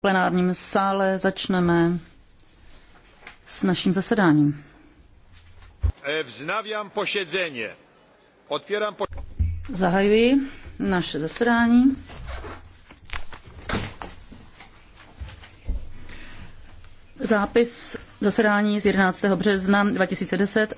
plenárním sále začneme s naším zasedáním. E, vznavím pošedzeně. Otvírám po... Zahajuji naše zasedání. Zápis zasedání z 11. března 2010 a